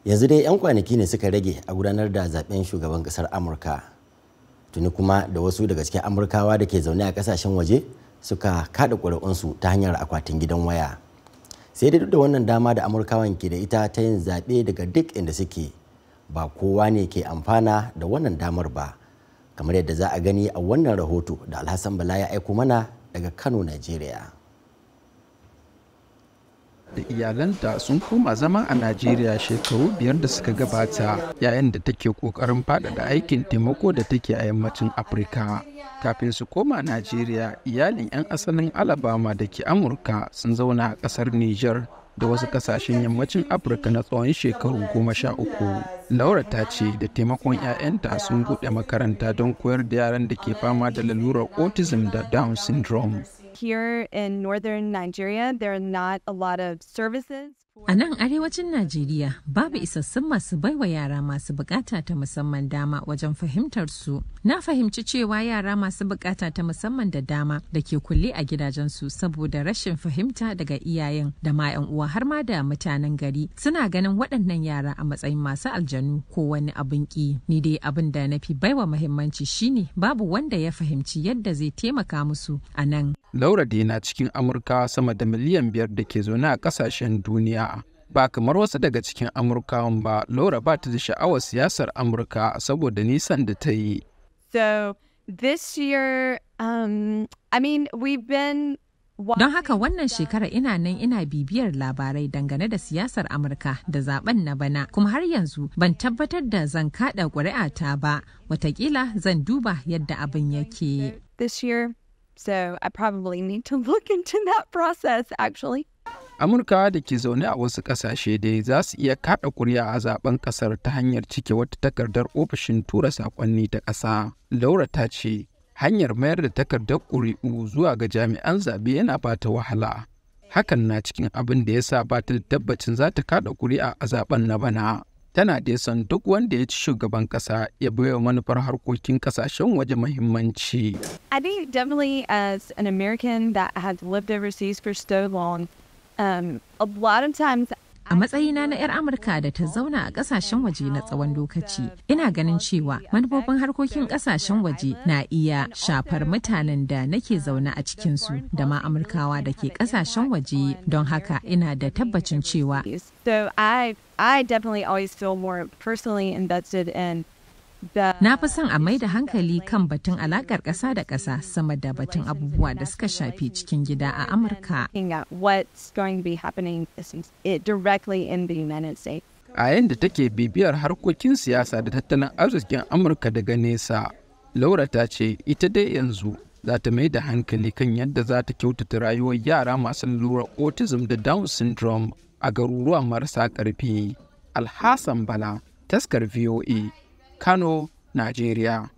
yanzu dai 'yan kwanaki ne suka rage a gudanar da zaben shugaban kasar amurka tuni kuma da wasu daga cikin amurkawa da ke zaune a kasashen waje suka kada ƙuri'unsu ta hanyar akwatin gidan waya sai dai duk da wannan dama da amurkawan ke da ita ta yin zaɓe daga duk inda suke ba kowa ne ke amfana da wannan damar ba kamar yadda za a gani a wannan rahoto da alhassan bala ya aiko mana daga kano nigeria da iyalanta sun koma zama a Najeriya shekaru biyar da suka gabata yayin da take ƙoƙarin faɗaɗa aikin taimako da take a yammacin Afirka. Kafin su koma Najeriya, iyalin 'yan asalin Alabama da ke Amurka sun zauna a ƙasar Nijar da wasu ƙasashen yammacin afirka na tsawon shekaru goma sha uku laura ta ce da taimakon 'ya'yanta sun buɗe makaranta don koyar da yaran da ke fama da lalurar autism da down syndrome here in northern Nigeria, there are not a lot of services A nan arewacin Najeriya babu isassun masu baiwa yara masu bukata ta musamman dama wajen fahimtar su. Na fahimci cewa yara masu bukata ta musamman da dama da ke kulle a gidajensu saboda rashin fahimta daga iyayen da ma 'yan uwa har ma da mutanen gari suna ganin waɗannan yara a matsayin masu aljanu ko wani abin ki. Ni dai abin da na fi baiwa muhimmanci shine babu wanda ya fahimci yadda zai taimaka musu a nan. Laura na cikin Amurka sama da miliyan biyar da ke zaune a ƙasashen duniya ba kamar wasu daga cikin amurkawan ba laura ba ta da sha'awar siyasar amurka saboda nisan da ta yi so this year um, i mean we've been Don haka wannan shekara ina nan ina bibiyar labarai dangane da siyasar Amurka da zaben na bana kuma har yanzu ban tabbatar da zan kada ta ba watakila zan duba yadda abin yake. This year, so I probably need to look into that process actually. amurka da ke zaune a wasu ƙasashe dai za su iya kaɗa ƙuri'a a zaben ƙasar ta hanyar cike wata takardar ofishin tura saƙonni ta ƙasa laura ta ce hanyar mayar da takardar ƙuri'u zuwa ga jami'an zaɓe yana ba ta wahala hakan na cikin abin da ya sa ba ta tabbacin za ta kaɗa ƙuri'a a zaben na bana tana da son duk wanda ya ci shugaban ƙasa ya baiwa manufar harkokin ƙasashen waje mahimmanci. I think definitely as an American that has lived overseas for so long, Um, a matsayina na 'yar Amurka da ta zauna a ƙasashen waje na tsawon lokaci, ina ganin cewa manufofin harkokin ƙasashen waje na iya shafar mutanen da nake zaune a cikinsu da ma Amurkawa da ke ƙasashen waje don haka ina da tabbacin cewa. So I, I definitely always feel more personally invested in Na fi son a mai da hankali kan batun alakar ƙasa da ƙasa sama da batun abubuwa da suka shafi cikin gida a Amurka. A yadda da take bibiyar harkokin siyasa da tattalin arzikin Amurka daga nesa, Laura ta ce ita dai yanzu za ta mai da hankali kan yadda za ta kyautata rayuwar yara masu lura autism da Down syndrome a garuruwa marasa ƙarfi. Alhassan Bala, taskar VOA. E. Kano, Najeriya.